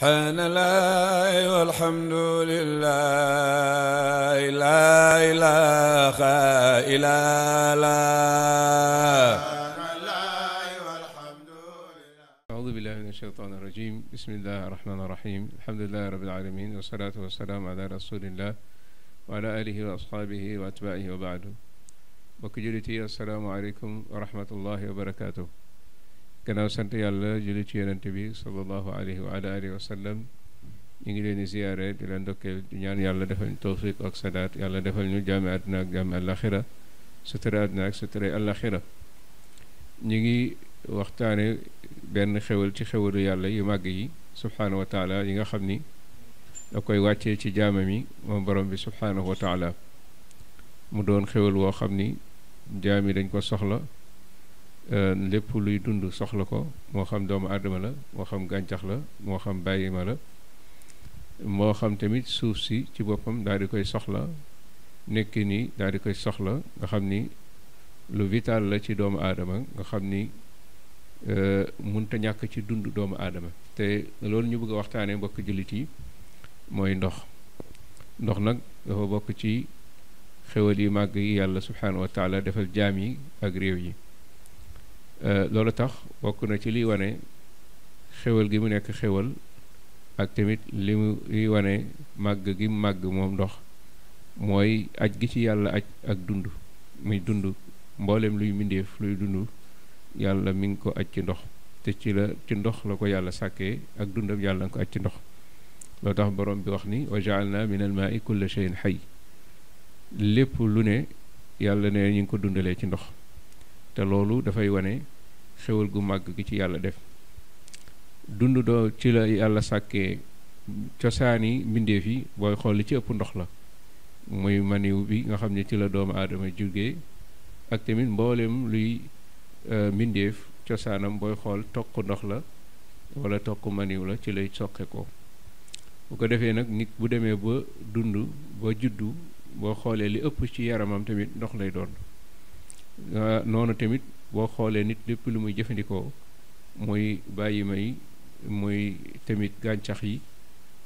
سبحان الله والحمد لله لا إله إلا الله أعوذ بالله من الشيطان الرجيم بسم الله الرحمن الرحيم الحمد لله رب العالمين والصلاة والسلام على رسول الله وعلى آله وأصحابه وأتباعه وبعده وكجلتي السلام عليكم ورحمة الله وبركاته gannaaw sant yàlla julli ci yonent bi sallallahu alayhi wa ñu ngi leen di ziyaare di leen ndokkeel ñaan yàlla defal ñu yàlla defal ñu jaami àdduna ak jaami àllaxira sutura ñu ngi waxtaane benn xewal ci xewalu yàlla yu màgg yi subhaanahu yi nga xam ni da koy wàccee ci jaamam yi bi subhaanahu wa taala mu doon xewal woo xam ni jaam yi dañ ko soxla Euh, lépp luy dund soxla ko moo xam doomu aadama la moo xam gàncax la moo xam bàyyi ma la moo xam tamit suuf si ci boppam daal di koy soxla nekk ni daal di koy soxla nga xam ni lu vital la ci doomu aadama nga xam ni euh, mënta ñàkk ci dund doomu aadama te loolu ñu bëgg a waxtaanee mbokk jullit yi mooy ndox ndox nag dafa bokk ci xéwal yi màgg yi yàlla subhaanahu wa taala defal jaam yi ak réew yi loolu tax bokk na ci liy wane xéwal gi mu nekk xéwal ak tamit li mu liy wane màgg gi màgg moom ndox mooy aj gi ci yàlla aj ak dund muy dund mboolem luy mbindeef luy dund yàlla mi ngi ko aj ci ndox te ci la ci ndox la ko yàlla sàkkee ak dundam yàlla nga ko aj ci ndox loo tax borom bi wax ni wa jaalna min al maai kulla cheyin xay lépp lu ne yàlla ne ñu ngi ko dundalee ci ndox te loolu dafay wane xewal gu màgg gi ci yàlla def dund doo ci la yàlla sàkkee cosaani mbindeef yi booy xool li ci ëpp ndox la muy maniw bi nga xam ne ci la doomu aadama jógee ak tamit mbooleem luy e, mbindeef cosaanam booy xool toq ndox la wala toq maniw la ci lay soqe ko bu ko defee nag nit bu demee ba dund ba juddu boo xoolee li ëpp ci yaramam tamit ndox lay doon Euh, noonu tamit boo xoolee nit lépp lu muy jëfandikoo muy bàyyi may muy tamit gàncax yi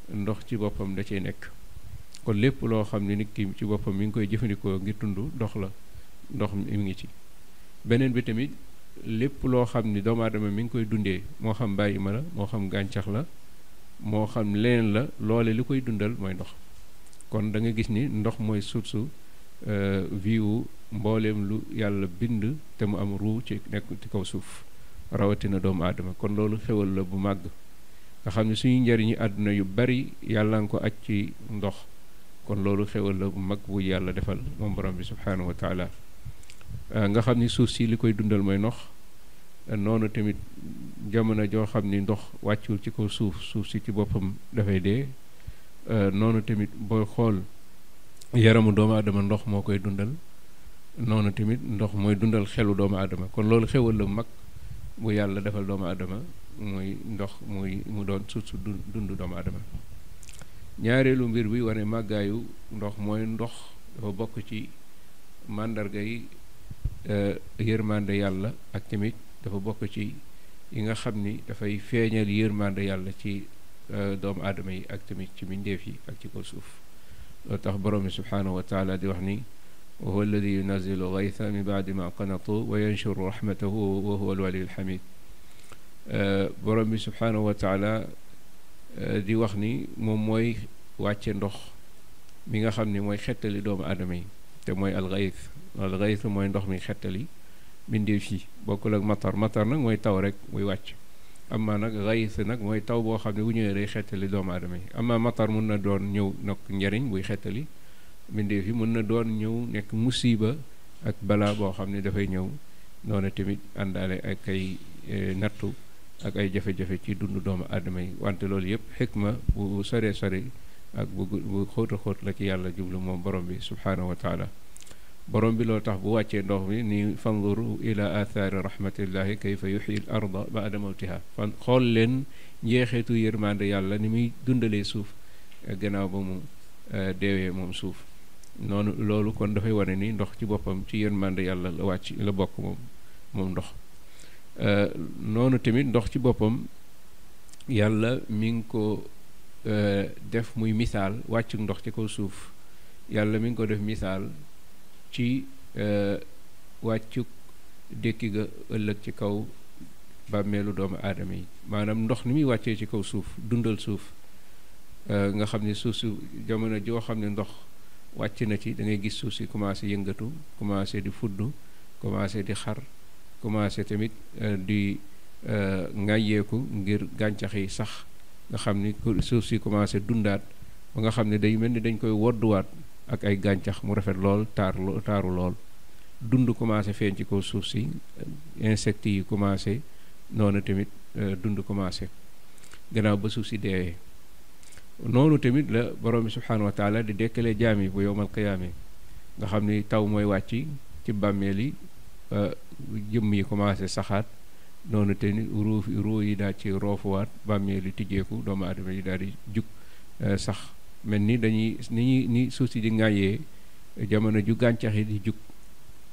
ndox ci boppam da cay nekk kon lépp loo xam ne nit ki ci boppam mi ngi koy jëfandikoo ngir dund ndox la ndox mi ngi ci beneen bi tamit lépp loo xam ni doomu aadama mi ngi koy dundee moo xam bàyyi ma la moo xam gàncax la moo xam leneen la loole li koy dundal mooy ndox kon da gis ni ndox mooy source euh, vie mbooleem lu yàlla bind te mu am ruu ci nekk ci kaw suuf rawatina doomu aadama kon loolu xewal la bu màgg nga xam ne suñu njariñu àdduna yu bari yàlla nga ko aj ci ndox kon loolu xewal la bu mag wu yàlla defal moom borom bi subhaanahu wa taala euh, nga xam ni suuf si li koy dundal mooy ndox euh, noonu tamit jamono joo xam ni ndox wàccul ci kaw suuf suuf si ci boppam dafay dee euh, noonu tamit booy xool yaramu doomu aadama ndox moo koy dundal noonu tamit ndox mooy dundal xelu doomu aadama kon loolu xewal la mag bu yàlla defal doomu aadama muy ndox muy mu doon suuf su dund doomu aadama ñaareelu mbir bi wane màggaayu ndox mooy ndox dafa bokk ci màndarga yi yërmande yàlla ak tamit dafa bokk ci yi nga xam ni dafay feeñal yërmande yàlla ci doomu aadama yi ak tamit ci mbindeef yi ak ci ko suuf loolu tax borom bi subhaanahu wa taala di wax ni وهو الذي ينزل غيث من بعد ما قنطوا وينشر رحمته وهو الولي الحميد borom bi subhanahu wa taala di wax ni moom mooy wàcce ndox mi nga xam ni mooy xettali doomu aadama yi te mooy alxayth alxayth mooy ndox mi xettali bindeef yi bokkul ak matar matar nag mooy taw rek muy wàcc amma nag xayth nag mooy taw boo xam ne bu ñëwee day xettali doomu aadama yi amma matar mun na doon ñëw nag njariñ buy xettali mbindeef yi mën na doon ñëw nekk musiba ak balaa boo xam ne dafay ñëw noonu tamit àndaale ak ay nattu ak ay jafe-jafe ci dundu doomu aadama yi wante loolu yëpp xikma bu sore sore ak bu bu xóot a xóot la ci yàlla jublu moom borom bi subhaanahu wa taala borom bi loo tax bu wàccee ndox mi ni fanzuru ila athari rahmatillahi kayfa yuxyi l arda baada mawtiha fan xool leen njeexeetu yërmande yàlla ni muy dundalee suuf gannaaw ba mu deewee moom suuf noonu loolu kon dafay wane ni ndox ci boppam ci yërmande yàlla la wàcc la bokk moom moom ndox euh, noonu tamit ndox ci boppam yàlla mi ngi ko euh, def muy misaal wàccu ndox ci kaw suuf yàlla mi ngi ko def misaal ci euh, wàccu dékki ga ëllëg ci kaw bàmmeelu doomu aadama yi maanaam ndox ni muy wàccee ci kaw suuf dundal suuf nga xam ne suuf su jamono joo xam ne ndox wàcc na ci da ngay gis suuf si commencé yëngatu commencé di fudd commencé di xar commencé tamit euh, di euh, ŋàyyeeku ngir gàncax yi sax nga xam ni suuf si commencé dundaat ba nga xam ne day mel ni dañ koy wodduwaat ak ay gàncax mu rafet lool taar taaru lool dund commencé feeñ ci kaw suuf si insectes yi commencé noonu tamit euh, dund commencé gannaaw ba suuf si deewee noonu tamit la borom bi subhaanahu di dekkalee jaam yi bu yowmal qiyaame nga xam ni taw mooy wàcc ci bàmmeel yi ba jëmm yi commencé saxaat noonu tamit ruuf ruu yi daal ci roofuwaat bàmmeel yi tijjeeku doomu aadama yi daal di jug eh, sax mel ni dañuy ni ñuy ni suuf si di ngàyyee jamono ju gàncax yi di jug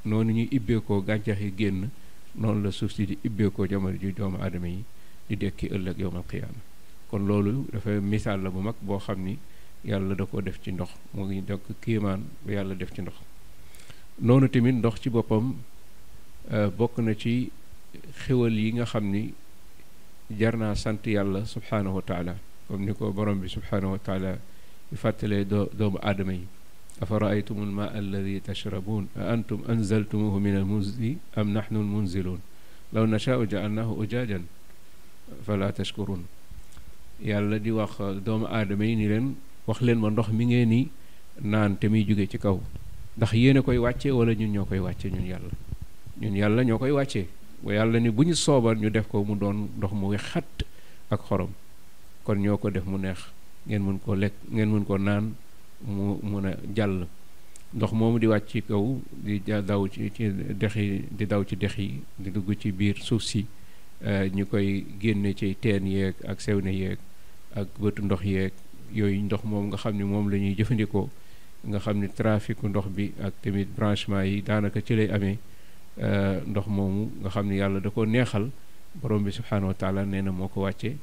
noonu ñuy ibbeekoo gàncax yi génn noonu la suuf si di ibbeekoo jamono ju doomu aadama yi di dekki ëllëg yowmal qiyaama kon loolu dafa misaal la bu mag boo xam ni yàlla da ko def ci ndox moo ngi donc kéemaan ba yàlla def ci ndox noonu tamit ndox ci boppam bokk na ci xéwal yi nga xam ni jar naa sant yàlla subhanahu wa taala comme ni ko borom bi subhanahu wa taala di fàttalee do doomu aadama yi afa raaytum alladi tashrabun a antum anzaltumuhu min al muzni am nahnu al munzilun law nashaau jaalnahu ujaajan fala tashkurun yàlla di wax uh, doomu aadama yi ni leen wax leen ma ndox mi ngeen ni naan te muy jóge ci kaw ndax yéen a koy wàccee wala ñun ñoo koy wàccee ñun yàlla ñun yàlla ñoo koy wàccee yàlla ni bu ñu soobal ñu def ko mu doon ndox mu wex xat ak xorom kon ñoo ko def mu neex ngeen mën koo lekk ngeen mën koo naan mu mun a jàll ndox moomu di wàcc ci kaw di daw ci ci dex yi di daw ci dex yi di dugg ci biir suuf si uh, ñu koy génne ci teen yéeg ak sew ne yeeg ak bëtu ndox yee yooyu ndox moom nga xam ni moom la ñuy jëfandikoo nga xam ne traficu ndox bi ak tamit branchement yi daanaka ci lay amee euh, ndox moomu nga xam ne yàlla da ko neexal borom bi subhaanahu wa taala nee na moo ko wàccee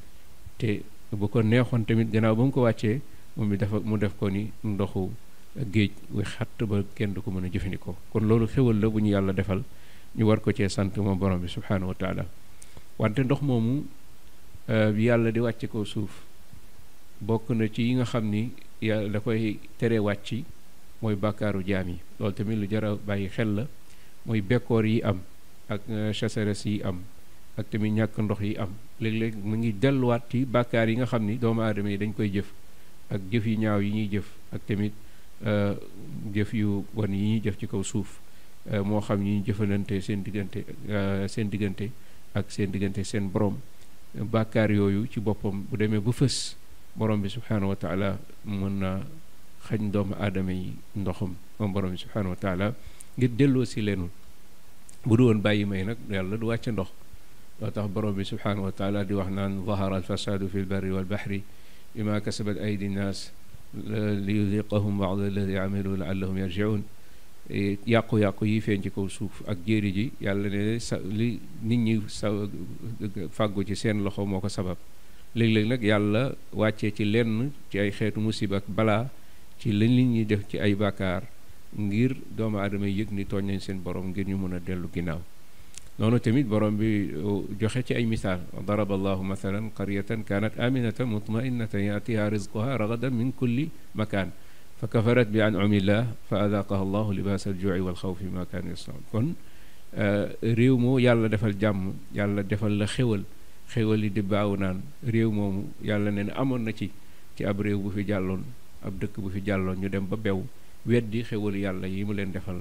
te bu ko neexoon tamit gannaaw ba ko wàccee moom mi dafa mu def ko ni ndoxu géej wi ba kenn du ko mën a jëfandikoo kon loolu xéwal ñu yàlla defal ñu war ko cee sant moom borom bi subhaanahu wa taala wante ndox moomu euh, yàlla di wàcce ko suuf bokk na ci yi nga xam ni yàlla da koy tere wàcc mooy bàkkaaru jaam yi loolu tamit lu jar bàyyi xel la mooy bekkoor yi am ak euh, sécheresse yi am ak tamit ñàkk ndox yi am léeg-léeg mu ngi delluwaat ci bàkkaar yi nga xam ni doomu aadama yi dañ koy jëf ak jëf yu ñaaw yi ñuy jëf ak tamit euh, jëf yu bon yi ñuy jëf ci kaw suuf euh, moo xam yi ñuy jëfalante seen diggante seen diggante ak seen diggante seen borom bàkkaar yooyu ci boppam bu demee ba fës borom bi subhanahu wa taala mën na xañ doomu aadama yi ndoxum moom borom bi subhanahu wa taala ngir delloo si leenul bu du woon bàyyi may nag yàlla du wàcce ndox loo tax borom bi subhanahu wa taala di wax naan zahara alfasadu fi lbarri walbahri bima kasabat aydi nnas liyudiqahum bad alladi amilu laallahum yarjiun yàqu-yàqu yi feeñ ci kaw suuf ak jéeri ji yàlla ne li nit ñi fàggu ci seen loxo moo ko sabab léeg-léeg nag yàlla wàccee ci lenn ci ay xeetu musib ak ci lañ li ñuy def ci ay bàkkaar ngir doomu aadama yi yëg ni tooñ nañ seen borom ngir ñu mën a dellu ginnaaw noonu tamit borom bi joxe ci ay misaal daraba allahu mathalan qaryatan kanat aminata mutma'innatan ya'tiha rizquha ragadan min kulli makan fa kafarat bi an'amillah fa adaqaha allahu libas al-ju'i wal xawfi ma kan yasna'un kon réew moo yàlla defal jàmm yàlla defal la xéwal xewal yi di baaw naan réew moomu yàlla ne amoon na ci ci ab réew bu fi jàlloon ab dëkk bu fi jàlloon ñu dem ba bew weddi xewal yàlla yi mu leen defal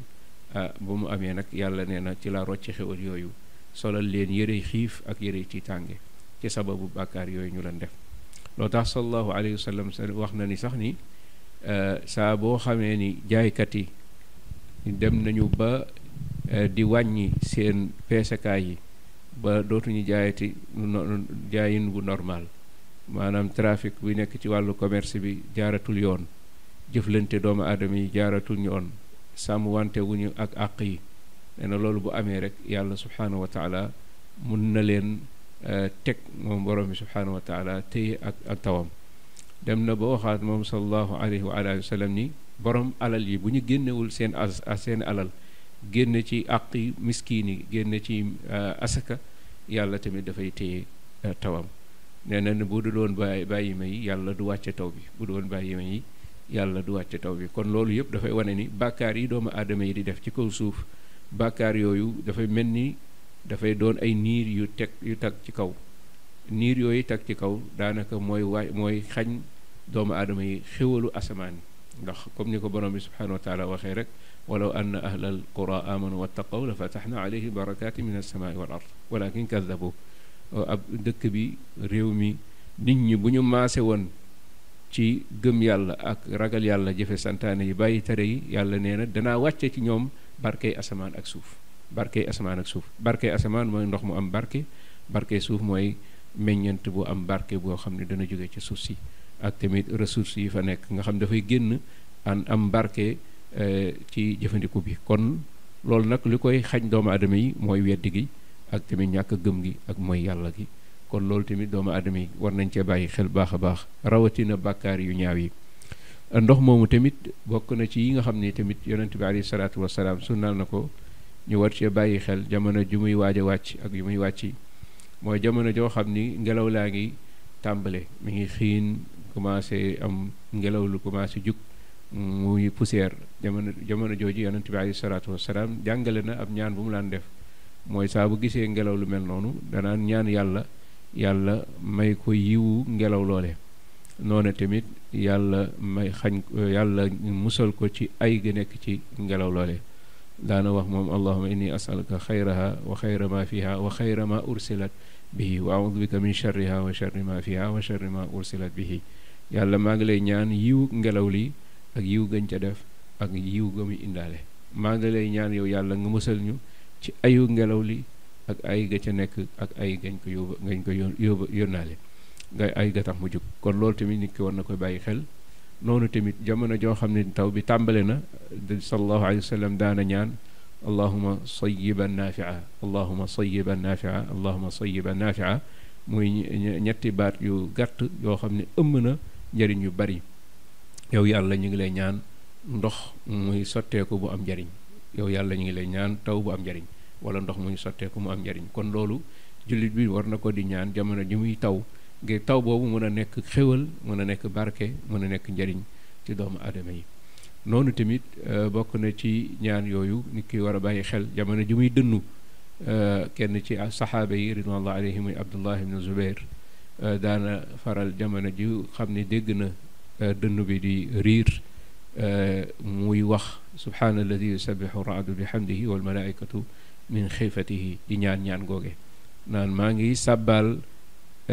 ah ba mu amee nag yàlla nee na ci la rocc xewal yooyu solal leen yërey xiif ak yërey ci tànge ci sababu bàkkaar yooyu ñu leen def loo tax sallallahu alayhi wa sallam wax na ni sax ni ah, saa boo xamee ni jaaykat yi dem nañu ba ah, di wàññi seen peesekaay yi ba dootuñu jaayati jaayin bu normal maanaam trafic bi nekk ci wàllu commerce bi jaaratul yoon jëflante doomu aadama yi jaaratul yoon sàmm wante wuñu ak àq yi nee na loolu bu amee rek yàlla subhaanahu wa taala mun na leen e, teg moom borom bi subhaanahu wa taala téye ak ak tawam dem na ba waxaat moom sallallahu alayhi wa alihi wa ni borom alal yi bu ñu génnewul seen as seen alal génn ci àqi miskiin yi génn ci euh, asaka yàlla tamit dafay téye euh, tawam nee na bu du doon bàyyi bàyyi ma yi yàlla du wàcce taw bi bu doon bàyyi ma yi yàlla du wàcce taw bi kon loolu yëpp dafay wane ni bàkkaar yi doomu aadama yi di def ci kaw suuf bàkkaar yooyu dafay mel ni dafay doon ay niir yu teg yu tag ci kaw niir yooyu tag ci kaw daanaka mooy waay mooy xañ doomu adama yi xéwalu asamaan ndox comme ni ko borom bi subhanahu wa waxee rek ولو أن أهل القرى آمنوا واتقوا لفتحنا عليه بركات من السماء والأرض ولكن كذبوا ab dëkk bi réew mi nit ñi bu ñu maase woon ci gëm yàlla ak ragal yàlla jëfe santaane yi bàyyi tere yi yàlla nee na danaa wàcce ci ñoom barkey asamaan ak suuf barkey asamaan ak suuf barkey asamaan mooy ndox mu am barke barkey suuf mooy meññent bu am barke boo xam ne dana jóge ci suuf si ak tamit ressources yi fa nekk nga xam dafay génn an am barke Eh, ci jëfandiku bi kon loolu nag li koy xañ doomu adama yi mooy weddi gi ak tamit ñàkk gëm gi ak mooy yàlla gi kon loolu tamit doomu aadama yi war nañ cee bàyyi xel baax a baax rawatina bàkkaar yu ñaaw yi eh, ndox moomu tamit bokk na ci yi nga xam ne tamit yonent bi alayhi salaatu wasalaam sunnaal na ko ñu war cee bàyyi xel jamono ju muy waaj a wàcc ak yu muy wàcc mooy jamono joo xam ni ngelaw laa ngi tàmbale mi ngi xiin commencé am ngelaw lu commencé jug muy poussière jamono jamono jooju yonent bi alayhi salaatu wasalaam jàngale na ab ñaan bu mu laan def mooy saa bu gisee ngelaw lu mel noonu danaan ñaan yàlla yàlla may ko yiwu ngelaw loole noonu tamit yàlla may xañ yàlla musal ko ci ay gi nekk ci ngelaw loole daana wax moom allahuma inni asaluka xayraha wa xayra ma fiha wa xayra ma ursilat bi wa min charriha wa charri ma fiha wa yàlla maa ngi lay ñaan yiwu ngelaw li ak yiw gañ ca def ak yiw ga muy indaale maa ngi lay ñaan yow yàlla nga mësal ñu ci ayu ngelaw li ak ay ga ca nekk ak ay gañ ko yóbba gañ ko yóbba yónnaale nga ay ga tax mu jóg kon loolu tamit nit ki war na koy bàyyi xel noonu tamit jamono joo xam ne taw bi tàmbale na sallallahu alayhi wa sallam daana ñaan allahuma sayiban naafia allahuma sayiban naafia allahuma sayiban naafia muy ñetti baat yu gàtt yoo xam ne ëmm na njëriñ yu bari yow yàlla ñu ngi lay ñaan ndox muy sotteeku bu am njariñ yow yàlla ñu ngi lay ñaan taw bu am njariñ wala ndox muy sotteeku mu am njariñ kon loolu jullit bi war na ko di ñaan jamono ji muy taw ngir taw boobu mën a nekk xéwal mën a nekk barke mën a nekk njariñ ci doomu aadama yi noonu tamit euh, bokk na ci ñaan yooyu nit ki war a bàyyi xel jamono ji muy dënnu euh, kenn ci saxaaba yi ridwanullah alayhi muy abdullah ibn zubair euh, daana faral jamono ji xam ne dégg na Euh, dënn bi di riir euh, muy wax subhaana alladi yusabbihu raadu bihamdihi wal malaikatu min xiifatihi di ñaan ñaan googe naan maa ngi sàbbaal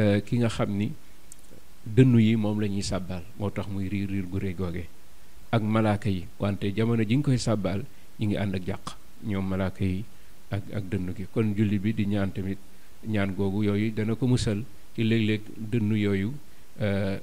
euh, ki nga xam ni dënn yi moom lañuy ñuy sàbbaal moo tax muy riir riir gu rëy googe ak malaaka yi wante jamono ji nga koy sàbbaal ñu ngi ànd ak jàq ñoom malaaka yi ak ak dënn gi kon julli bi di ñaan tamit ñaan googu yooyu dana ko musal ci léeg-léeg dënnu yooyu Euh,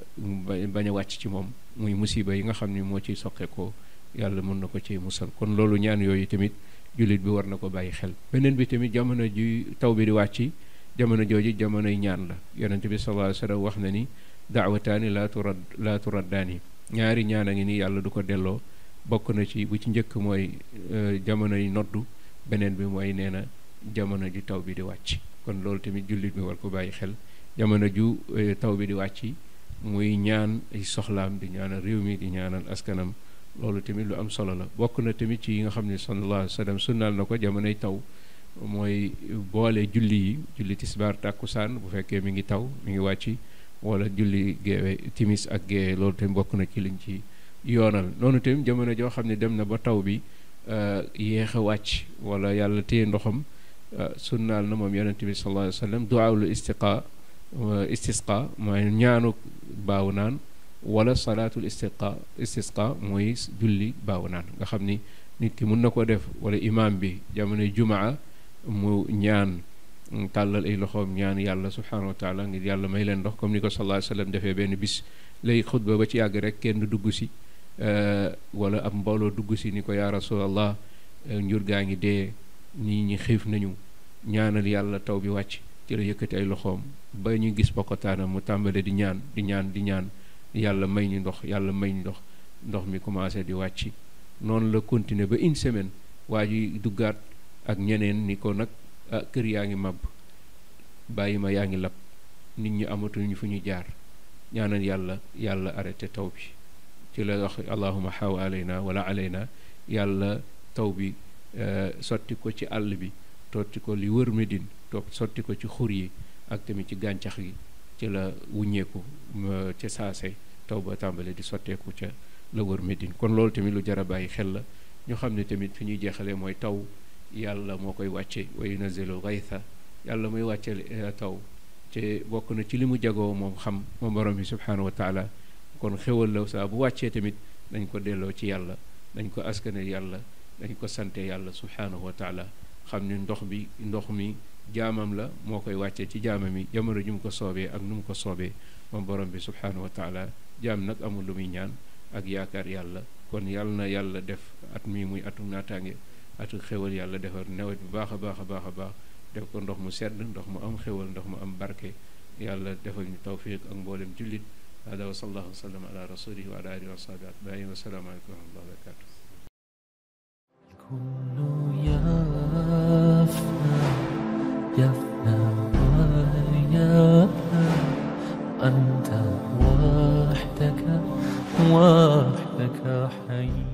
bañ a wàcc ci moom muy musiba yi nga xam ni moo ciy soqeekoo yàlla mën na ko ci musal kon loolu ñaan yooyu tamit jullit bi war na ko bàyyi xel beneen bi tamit jamono ji taw bi di wàcc jamono jooju jamonoy ñaan la yonente bi sallallahu alayhi wax na ni daawataani laa turad laa turaddaani ñaari ñaan a ngi ni yàlla du ko delloo bokk na ci ci njëkk mooy euh, jamonoy noddu beneen bi mooy nee na jamono ji taw bi di wàcc kon loolu tamit jullit bi war ko bàyyi xel jamono ju eh, taw bi di wàcc muy ñaan ay soxlaam di ñaanal réew mi di ñaanal askanam loolu tamit lu am solo la bokk na tamit ci yi nga xam ne sallallahu alayhi wa sunnaal na ko jamonoy taw mooy boole julli yi julli tisbaar tàkkusaan bu fekkee mi ngi taw mi ngi wàcc wala julli géewe ak loolu tamit bokk na ci liñ ci yoonal noonu tamit jamono joo xam ne dem na ba taw bi eh, yéex a wàcc wala yàlla téye ndoxam eh, sunnaal na moom yonente bi sallallahu alayhi wa istiqa استسقاء موي نيانو باو نان ولا صلاه الاستسقاء استسقاء موي جولي باو نان غا خامني نيت كي مون نكو ديف ولا امام بي جامني جمعه مو نيان تالال اي لخوم نيان يالا سبحانه وتعالى غير يالا ماي لن دوخ كوم نيكو صلى الله عليه وسلم ديفه بن بيس لي خطبه با تي رك كين دوغوسي ولا ام بولو دوغوسي نيكو يا رسول الله نيور غاغي دي ني ني خيف نانيو ñaanal yàlla taw bi wàcc ci la yëkkati ay loxoom ba ñu gis pokotaanam mu tàmbale di ñaan di ñaan di ñaan yàlla may ñu ndox yàlla may ñu ndox ndox mi commencé di wàcc noonu la continuer ba une semaine waa ji duggaat ak ñeneen ni ko nag ah, kër yaa ngi màbb bàyyi ma yaa ngi lab nit ñi amatuñu fu ñu jaar ñaanal yàlla yàlla arrêté taw bi ci la wax allahuma xaw alayna wala alayna yàlla taw bi eh, sotti ko ci àll bi totti ko li wër Médine toog sotti ko ci xur yi ak tamit ci gàncax gi ca la wuññeeku ca saase taw ba tàmbale di sotteeku ca la wër Médine kon loolu tamit lu jara a bàyyi xel la ñu xam ne tamit fi ñuy jeexalee mooy taw yàlla moo koy wàcce wa yunazzilu gaytha yàlla mooy wàcce eh, taw te bokk na ci li mu jagoo moom xam moom borom bi subhaanahu wa taala kon xéwal la saa bu wàccee tamit dañ ko delloo ci yàlla dañ ko askane yàlla dañ ko sante yàlla subhaanahu wa taala xam ne ndox bi ndox mi jaamam la moo koy wàccee ci jaamam yi jamono ju mu ko soobee ak nu mu ko soobee moom borom bi subhaanahu wa taala jaam nag amul lu muy ñaan ak yaakaar yàlla kon yàlla na yàlla def at mi muy atum naataange atu xewal yàlla defar nawet bu baax a baax a baax a baax def ko ndox mu sedd ndox mu am xewal ndox mu am barke yàlla defal ñu tawfiq ak mboolem jullit hada wa sallallahu wa sallam ala rasulihi wa ala alihi wa sahbihi atbaahi wa salaamu aleykum يفنى ويا أنت وحدك وحدك حي